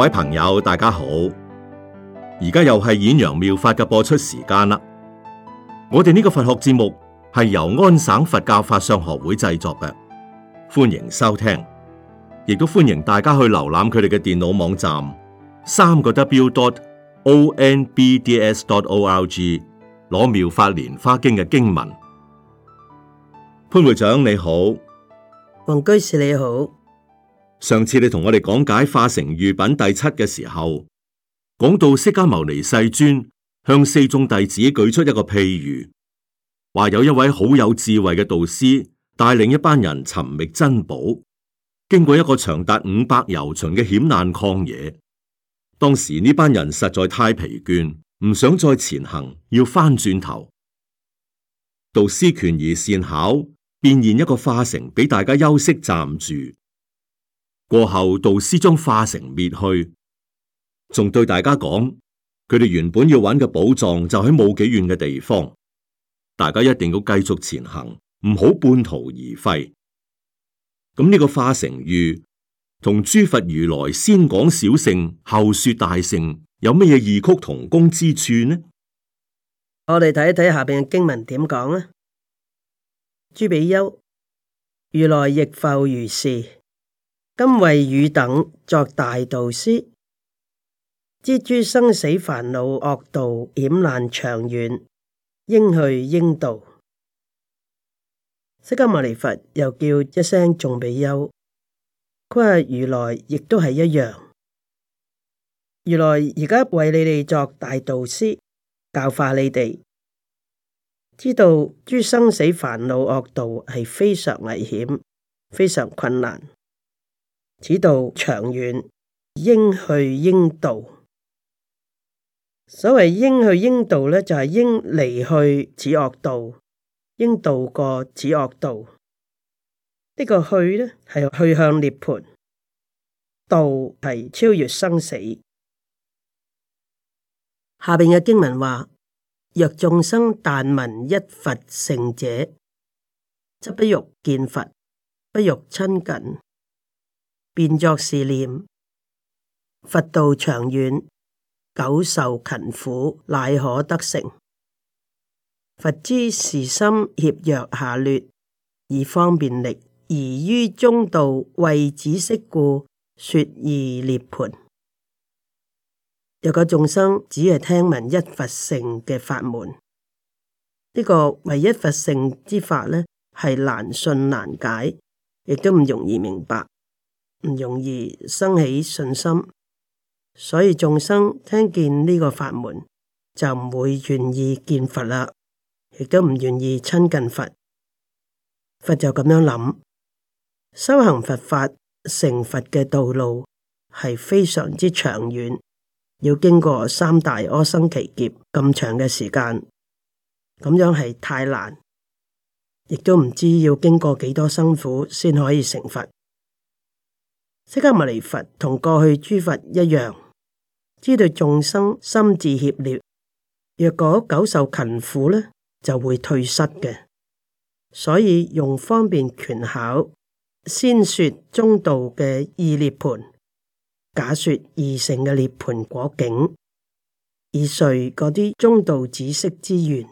各位朋友，大家好！而家又係演揚妙法嘅播出時間啦。我哋呢個佛學節目係由安省佛教法相學會製作嘅，歡迎收聽，亦都歡迎大家去瀏覽佢哋嘅電腦網站三個 w dot o n b d s dot o l g，攞妙法蓮華經嘅經文。潘會長你好，黃居士你好。上次你同我哋講解化城喻品第七嘅時候，講到釋迦牟尼世尊向四眾弟子舉出一個譬喻，話有一位好有智慧嘅導師帶領一班人尋覓珍寶，經過一個長達五百由旬嘅險難曠野，當時呢班人實在太疲倦，唔想再前行，要翻轉頭。導師權宜善巧，變現一個化城俾大家休息暫住。過後，導師將化城滅去，仲對大家講：佢哋原本要揾嘅寶藏就喺冇幾遠嘅地方，大家一定要繼續前行，唔好半途而廢。咁呢個化城喻同諸佛如來先講小乘，後說大乘，有乜嘢異曲同工之處呢？我哋睇一睇下面嘅經文點講啊？諸比丘，如來亦復如是。今為汝等作大導師，知諸生死煩惱惡道險難長遠，應去應度。釋迦牟尼佛又叫一聲眾比丘，佢話如來亦都係一樣。如來而家為你哋作大導師，教化你哋，知道諸生死煩惱惡道係非常危險，非常困難。此道長遠，應去應度。所謂應去應度咧，就係應離去此惡道，應度過此惡道。呢、這個去咧係去向涅槃，度係超越生死。下邊嘅經文話：若眾生但聞一佛乘者，則不欲見佛，不欲親近。便作是念，佛道長遠，久受勤苦，乃可得成。佛知是心怯弱下劣，以方便力，而於中道為止息故，說二涅盤。有個眾生只係聽聞一佛性嘅法門，呢、這個唯一佛性之法呢，係難信難解，亦都唔容易明白。唔容易生起信心，所以眾生聽見呢個法門就唔會願意見佛啦，亦都唔願意親近佛。佛就咁樣諗，修行佛法成佛嘅道路係非常之長遠，要經過三大阿僧祇劫咁長嘅時間，咁樣係太難，亦都唔知要經過幾多辛苦先可以成佛。即刻，釋迦牟尼佛同過去諸佛一樣，知道眾生心智怯劣，若果久受勤苦呢，就會退失嘅。所以用方便權巧，先說中道嘅意涅槃，假說二乘嘅涅盤果境，以隨嗰啲中道紫色之源，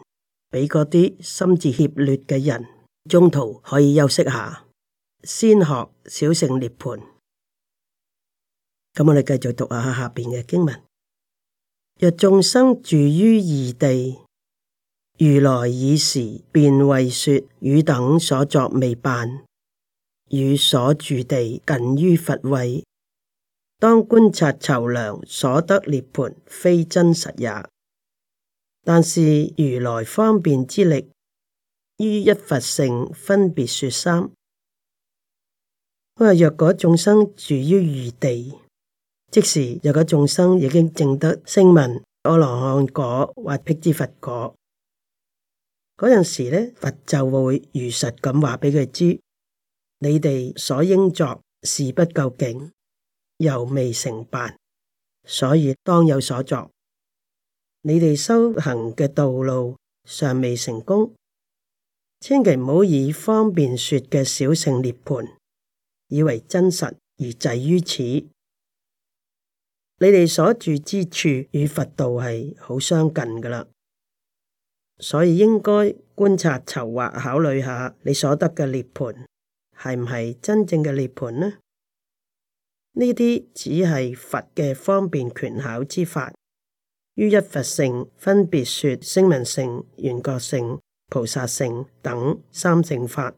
俾嗰啲心智怯劣嘅人中途可以休息下，先學小乘涅盤。咁我哋繼續讀下下邊嘅經文。若眾生住於異地，如來爾時便為說：與等所作未辦，與所住地近於佛位，當觀察籌量所得涅槃，非真實也。但是如來方便之力，於一佛乘分別說三。我話若果眾生住於異地。即時若果眾生已經證得聲聞、阿羅漢果或辟支佛果，嗰陣時呢，佛就會如實咁話畀佢知：你哋所應作事不究竟，又未成辦，所以當有所作，你哋修行嘅道路尚未成功，千祈唔好以方便說嘅小乘涅槃以為真實而滯於此。你哋所住之處與佛道係好相近㗎喇，所以應該觀察、籌劃、考慮下，你所得嘅涅槃係唔係真正嘅涅槃呢？呢啲只係佛嘅方便權巧之法，於一佛性分別說聲聞性、緣覺性、菩薩性等三性法。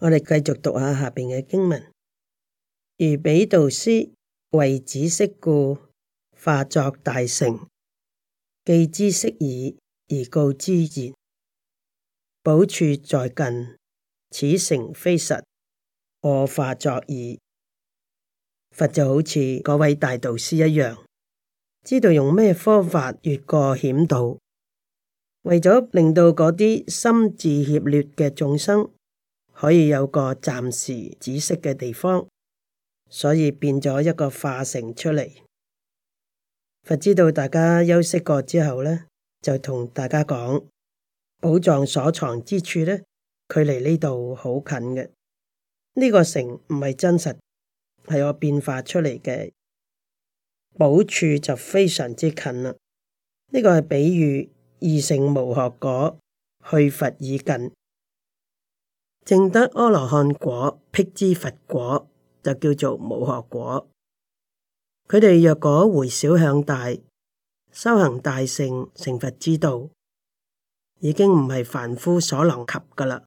我哋繼續讀下下邊嘅經文，如彼導師。為止息故，化作大城，既知息矣，而告之言：寶處在近，此城非實，我化作矣。佛就好似嗰位大導師一樣，知道用咩方法越過險道，為咗令到嗰啲心智怯劣嘅眾生可以有個暫時止息嘅地方。所以變咗一個化城出嚟，佛知道大家休息過之後呢，就同大家講，寶藏所藏之處呢，距離呢度好近嘅。呢個城唔係真實，係我變化出嚟嘅，寶處就非常之近啦。呢個係比喻二乘無學果去佛已近，證得阿羅漢果辟支佛果。就叫做冇學果。佢哋若果回小向大，修行大乘成佛之道，已經唔係凡夫所能及噶啦。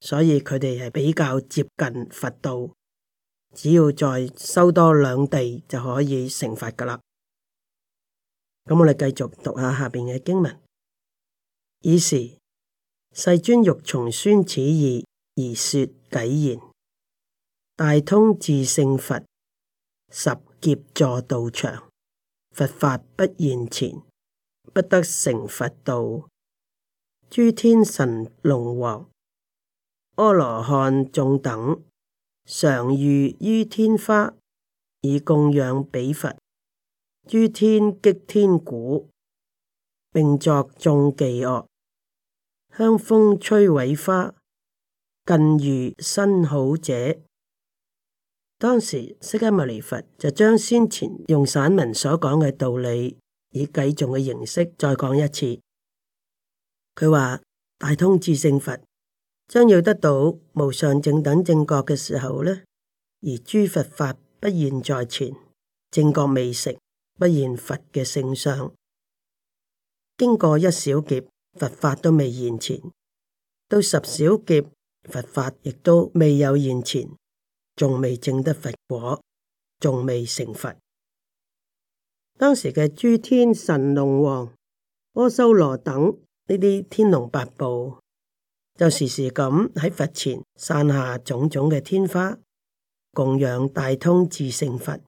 所以佢哋係比較接近佛道，只要再修多兩地就可以成佛噶啦。咁我哋繼續讀下下邊嘅經文。爾時世尊欲重宣此義而說偈言。大通智勝佛十劫坐道場，佛法不現前，不得成佛道。諸天神龍王、阿羅漢眾等，常遇於天花以供養彼佛。諸天擊天鼓，並作眾伎樂，香風吹萎花，近遇新好者。當時釋迦牟尼佛就將先前用散文所講嘅道理以偈頌嘅形式再講一次。佢話大通智勝佛將要得到無上正等正覺嘅時候呢，而諸佛法不現在前，正覺未成，不現佛嘅聖相。經過一小劫，佛法都未現前；到十小劫，佛法亦都未有現前。仲未證得佛果，仲未成佛。當時嘅諸天神龍王、阿修羅等呢啲天龍八部，就時時咁喺佛前散下種種嘅天花，供養大通智勝佛。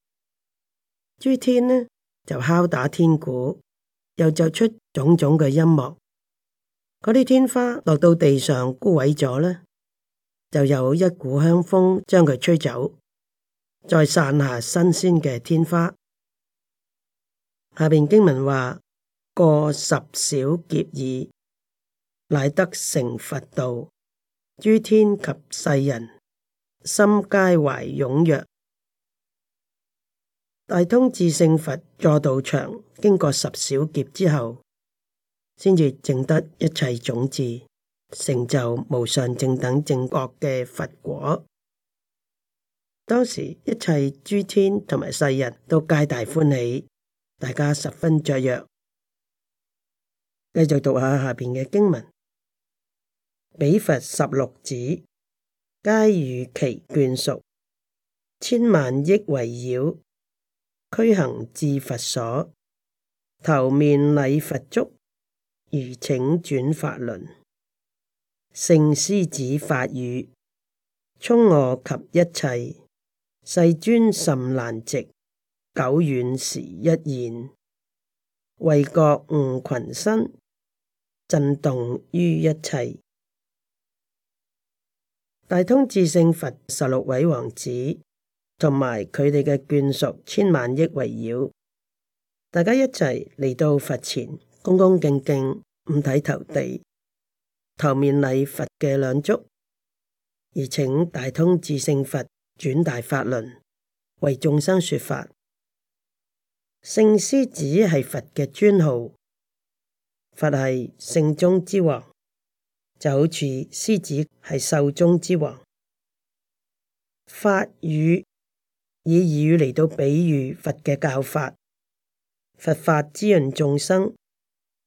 諸天呢就敲打天鼓，又作出種種嘅音樂。嗰啲天花落到地上，枯萎咗啦。就有一股香風將佢吹走，再散下新鮮嘅天花。下邊經文話：過十小劫，已，乃得成佛道。諸天及世人，心皆懷踴躍。大通智勝佛坐道場，經過十小劫之後，先至證得一切種智。成就無上正等正覺嘅佛果，當時一切諸天同埋世人都皆大歡喜，大家十分雀躍。繼續讀下下邊嘅經文：彼佛十六子皆與其眷屬千萬億圍繞，驅行至佛所，頭面禮佛足，如請轉法輪。聖師子法語，充我及一切，世尊甚難值，久遠時一現，為覺悟群生，震動於一切。大通智勝佛十六位王子同埋佢哋嘅眷屬千萬億圍繞，大家一齊嚟到佛前，恭恭敬敬，五體投地。頭面禮佛嘅兩足，而請大通智勝佛轉大法輪，為眾生說法。聖獅子係佛嘅尊號，佛係聖中之王，就好似獅子係獸中之王。法雨以雨嚟到比喻佛嘅教法，佛法滋潤眾生。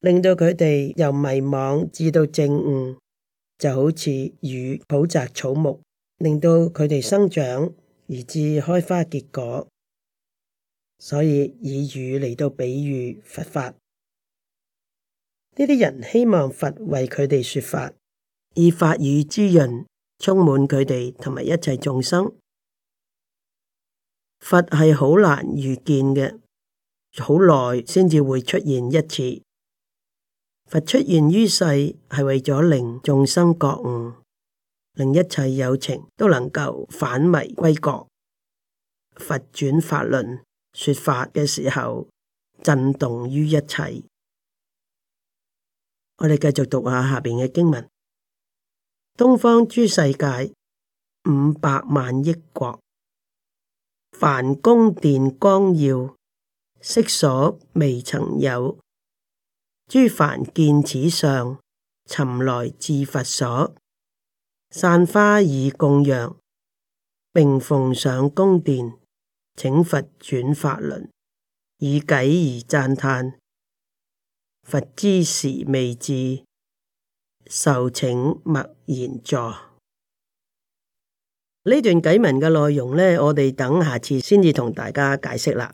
令到佢哋由迷惘至到正悟，就好似雨普澤草木，令到佢哋生長而至開花結果。所以以雨嚟到比喻佛法，呢啲人希望佛為佢哋說法，以法雨滋潤，充滿佢哋同埋一切眾生。佛係好難遇見嘅，好耐先至會出現一次。佛出現於世，係為咗令眾生覺悟，令一切有情都能夠返迷歸覺。佛轉法輪說法嘅時候，震動於一切。我哋繼續讀下下邊嘅經文：東方諸世界五百萬億國，梵宮殿光耀，昔所未曾有。諸梵見此相，尋來至佛所，散花以供養，並奉上宮殿，請佛轉法輪，以偈而讚嘆。佛知時未至，受請默然坐。助呢段偈文嘅內容呢，我哋等下次先至同大家解釋啦。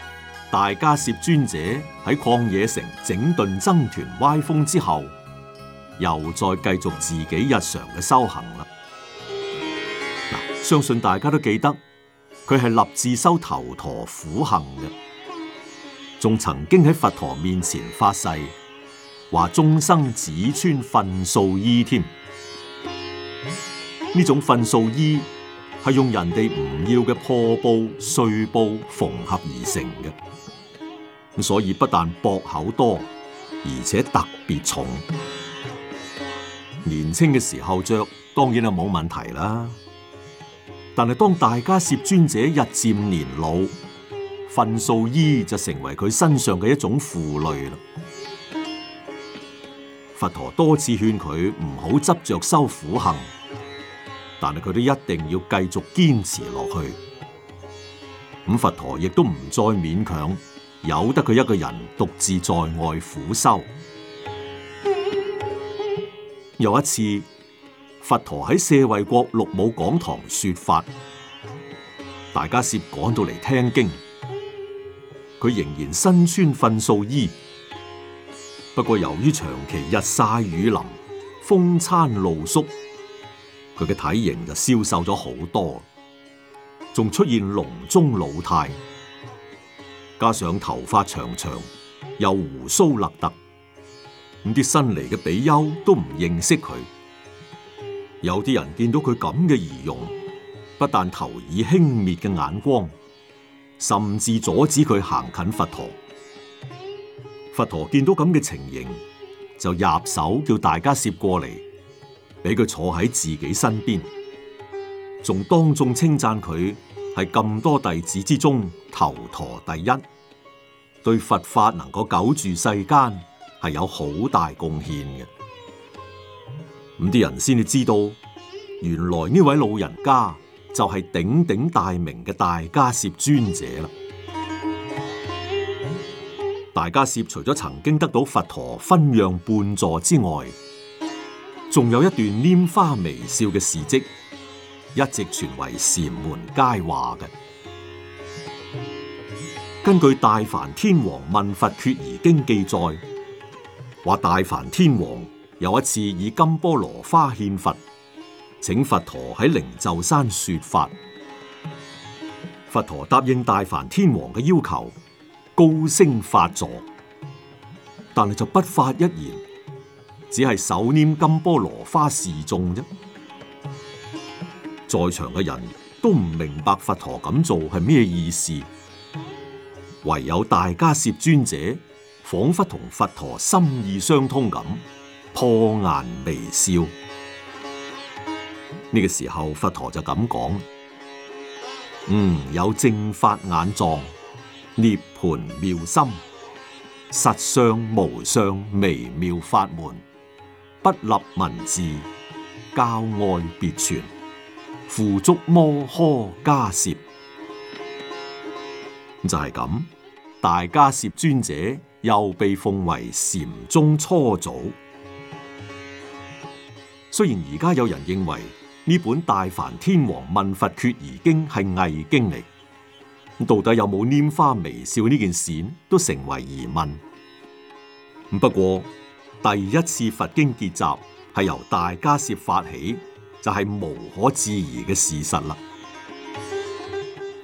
大迦葉尊者喺曠野城整頓僧團歪風之後，又再繼續自己日常嘅修行啦。嗱，相信大家都記得，佢係立志修頭陀苦行嘅，仲曾經喺佛陀面前發誓，話終生只穿糞掃衣添。呢種糞掃衣，係用人哋唔要嘅破布碎布，縫合而成嘅，所以不但薄口多，而且特別重。年輕嘅時候着當然係冇問題啦，但係當大迦葉尊者日漸年老，糞掃衣就成為佢身上嘅一種負累啦。佛陀多次勸佢唔好執着受苦行。但係佢都一定要繼續堅持落去，咁佛陀亦都唔再勉強，由得佢一個人獨自在外苦修。 有一次，佛陀喺舍衛國鹿母講堂說法，大家涉趕到嚟聽經，佢仍然身穿糞掃衣。不過由於長期日曬雨淋，風餐露宿。佢嘅體型就消瘦咗好多，仲出現龍鍾老態，加上頭髮長長又鬍鬚立突，咁啲新嚟嘅比丘都唔認識佢。有啲人見到佢咁嘅儀容，不但投以輕蔑嘅眼光，甚至阻止佢行近佛陀。佛陀見到咁嘅情形，就入手叫大家攝過嚟。俾佢坐喺自己身邊，仲當眾稱讚佢係咁多弟子之中頭陀第一，對佛法能夠久住世間係有好大貢獻嘅。咁啲人先至知道，原來呢位老人家就係鼎鼎大名嘅大迦葉尊者啦。大迦葉除咗曾經得到佛陀分讓半座之外。仲有一段拈花微笑嘅事跡，一直傳為禪門佳話嘅。根據大梵天王問佛決疑經記載，話大梵天王有一次以金波羅花獻佛，請佛陀喺靈鷲山說法。佛陀答應大梵天王嘅要求，高聲發座，但係就不發一言。只係手拈金波羅花示眾啫，在場嘅人都唔明白佛陀咁做係咩意思，唯有大迦葉尊者仿佛同佛陀心意相通咁，破顏微笑。呢、這個時候，佛陀就咁講：嗯，有正法眼藏，涅槃妙心，實相無相微妙法門。不立文字，教外別傳，付囑摩訶迦葉，就係、是、咁。大迦葉尊者又被奉為禪宗初祖。雖然而家有人認為呢本《大梵天王問佛決疑經》係偽經嚟，到底有冇拈花微笑呢件事都成為疑問。不過。第一次佛經結集係由大迦葉發起，就係無可置疑嘅事實啦。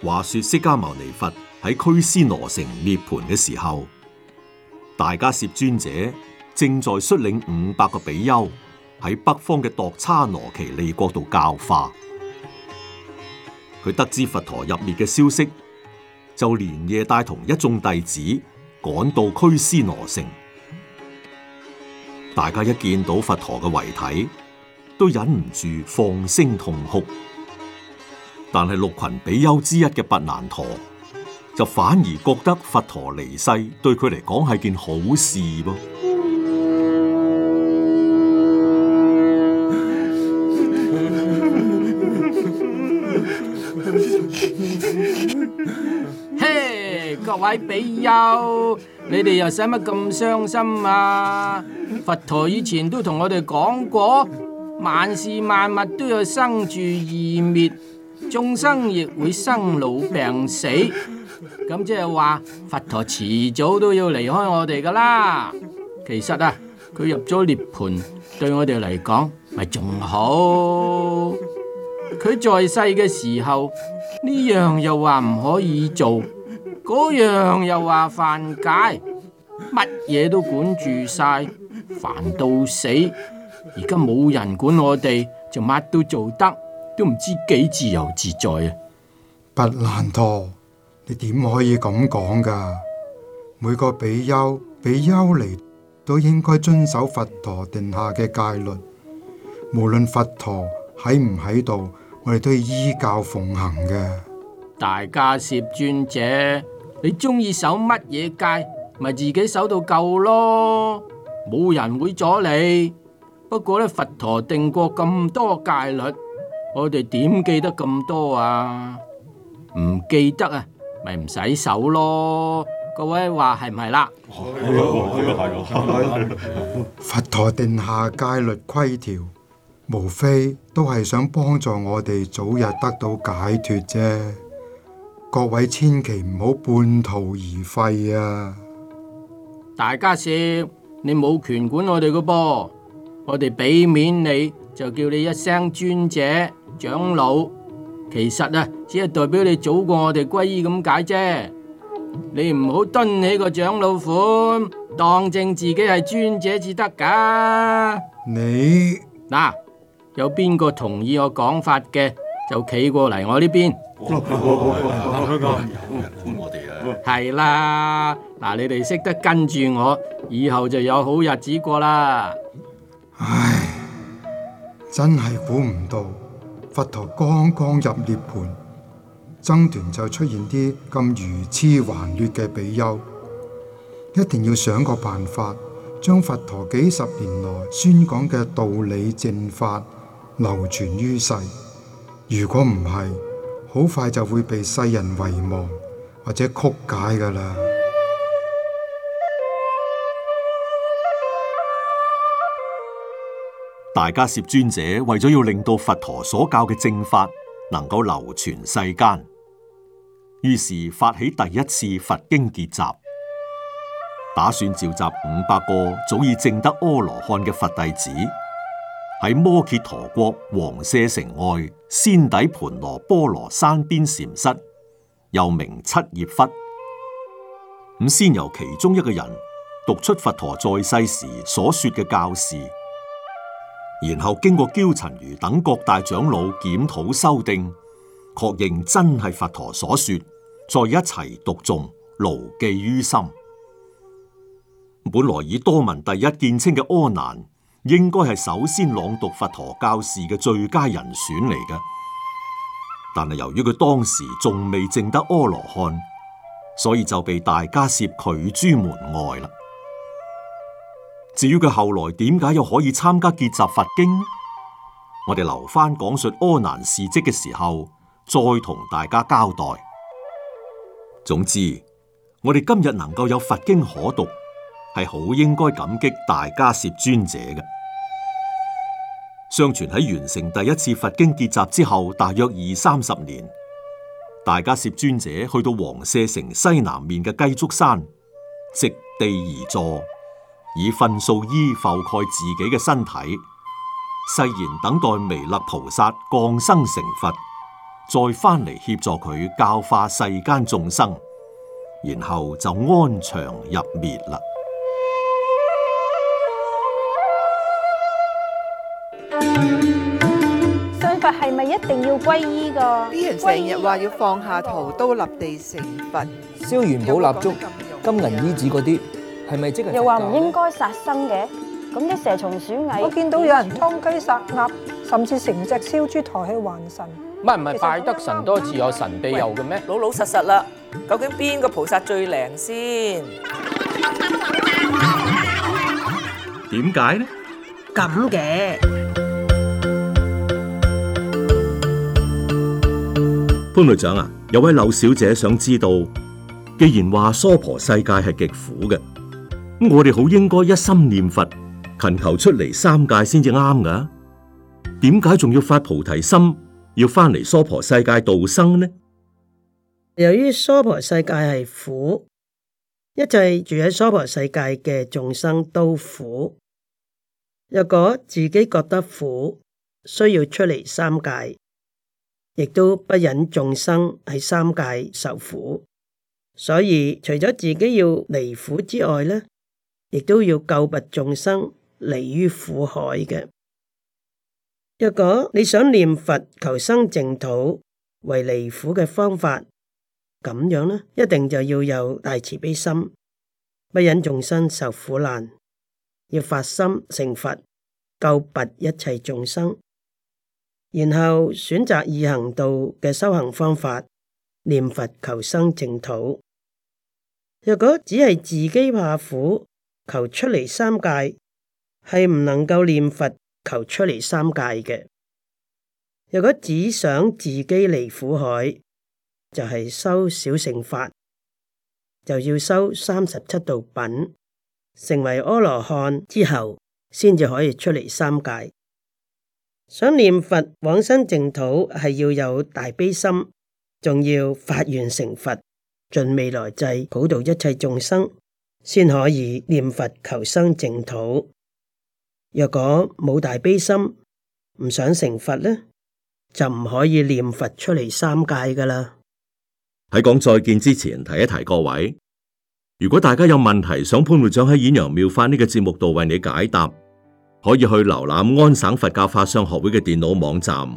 話說釋迦牟尼佛喺拘尸羅城涅槃嘅時候，大迦葉尊者正在率領五百個比丘喺北方嘅度差羅奇利國度教化。佢得知佛陀入滅嘅消息，就連夜帶同一眾弟子趕到拘尸羅城。大家一見到佛陀嘅遺體，都忍唔住放聲痛哭。但係六群比丘之一嘅跋難陀，就反而覺得佛陀離世對佢嚟講係件好事噃。位比丘，你哋又使乜咁傷心啊？佛陀以前都同我哋講過，萬事萬物都有生住異滅，眾生亦會生老病死。咁即係話，佛陀遲早都要離開我哋㗎啦。其實啊，佢入咗涅槃，對我哋嚟講咪仲好。佢在世嘅時候，呢樣又話唔可以做。嗰樣又話犯戒，乜嘢都管住晒，煩到死。而家冇人管我哋，就乜都做得，都唔知幾自由自在啊！不難陀，你點可以咁講噶？每個比丘、比丘尼都應該遵守佛陀定下嘅戒律，無論佛陀喺唔喺度，我哋都要依教奉行嘅。大迦葉尊者。你中意守乜嘢戒，咪自己守到夠咯，冇人會阻你。不過咧，佛陀定過咁多戒律，我哋點記得咁多啊？唔記得啊，咪唔使守咯。各位話係唔係啦？係啊，係啊，係啊。佛陀定下戒律規條，無非都係想幫助我哋早日得到解脫啫。各位千祈唔好半途而廢啊！大迦葉，你冇權管我哋噶噃，我哋俾面你就叫你一聲尊者長老，其實啊，只係代表你早過我哋歸依咁解啫。你唔好蹲起個長老款，當正自己係尊者至得噶。你嗱、啊，有邊個同意我講法嘅？就企過嚟我呢邊，係啦，嗱，你哋識得跟住我，以後就有好日子過啦。唉，真係估唔到，佛陀剛剛入涅盤，僧團就出現啲咁如痴還劣嘅比丘，一定要想個辦法，將佛陀幾十年來宣講嘅道理正法流傳於世。如果唔係，好快就會被世人遺忘或者曲解㗎喇。大迦葉尊者為咗要令到佛陀所教嘅正法能夠流傳世間，於是發起第一次佛經結集，打算召集五百個早已證得阿羅漢嘅佛弟子。喺摩揭陀國王舍城外仙底盤羅波羅山邊禪室，又名七葉窟。咁先由其中一個人讀出佛陀在世時所說嘅教示，然後經過憍陳如等各大長老檢討修訂，確認真係佛陀所說，再一齊讀誦，牢記於心。本來以多聞第一見稱嘅阿難。應該係首先朗讀佛陀教示嘅最佳人選嚟嘅，但係由於佢當時仲未證得阿羅漢，所以就被大家攝拒諸門外啦。至於佢後來點解又可以參加結集佛經，我哋留返講述阿難事蹟嘅時候再同大家交代。總之，我哋今日能夠有佛經可讀。係好應該感激大迦葉尊者嘅。相傳喺完成第一次佛經結集之後，大約二三十年，大迦葉尊者去到王舍城西南面嘅雞足山，席地而坐，以糞掃衣覆蓋自己嘅身體，誓言等待彌勒菩薩降生成佛，再翻嚟協助佢教化世間眾生，然後就安詳入滅啦。係咪一定要皈依㗎？啲人成日話要放下屠刀立地成佛，燒元寶蠟燭、金銀衣紙嗰啲，係咪即係？又話唔應該殺生嘅，咁啲蛇蟲鼠蟻，我見到有人劏雞殺鴨，甚至成隻燒豬抬去還神。唔係唔係，拜得神多自有神庇佑嘅咩？老老實實啦，究竟邊個菩薩最靈先？點解呢？咁嘅。潘隊長啊，有位柳小姐想知道，既然話娑婆世界係極苦嘅，咁我哋好應該一心念佛，勤求出嚟三界先至啱㗎。點解仲要發菩提心，要返嚟娑婆世界度生呢？由於娑婆世界係苦，一切住喺娑婆世界嘅眾生都苦。若果自己覺得苦，需要出嚟三界，亦都不忍眾生喺三界受苦，所以除咗自己要離苦之外，呢，亦都要救拔眾生離於苦海嘅。若果你想念佛求生淨土為離苦嘅方法，咁樣呢，一定就要有大慈悲心，不忍眾生受苦難，要發心成佛，救拔一切眾生。然後選擇易行道嘅修行方法，念佛求生淨土。若果只係自己怕苦，求出嚟三界係唔能夠念佛求出嚟三界嘅。若果只想自己離苦海，就係、是、修小乘法，就要修三十七道品，成為阿羅漢之後，先至可以出嚟三界。想念佛往生淨土，係要有大悲心，仲要發願成佛，盡未來際普渡一切眾生，先可以念佛求生淨土。若果冇大悲心，唔想成佛呢，就唔可以念佛出嚟三界噶啦。喺講再見之前，提一提各位，如果大家有問題，想潘會長喺《演揚妙法》呢個節目度為你解答。可以去瀏覽安省佛教法相學會嘅電腦網站，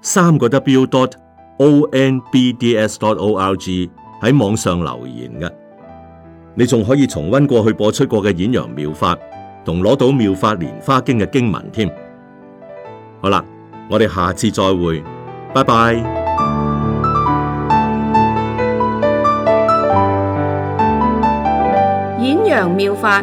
三個 w dot o n b d s dot o r g 喺網上留言嘅。你仲可以重温過去播出過嘅演揚妙法，同攞到妙法蓮華經嘅經文添。好啦，我哋下次再會，拜拜。演揚妙法。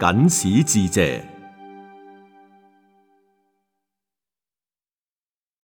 僅此致謝。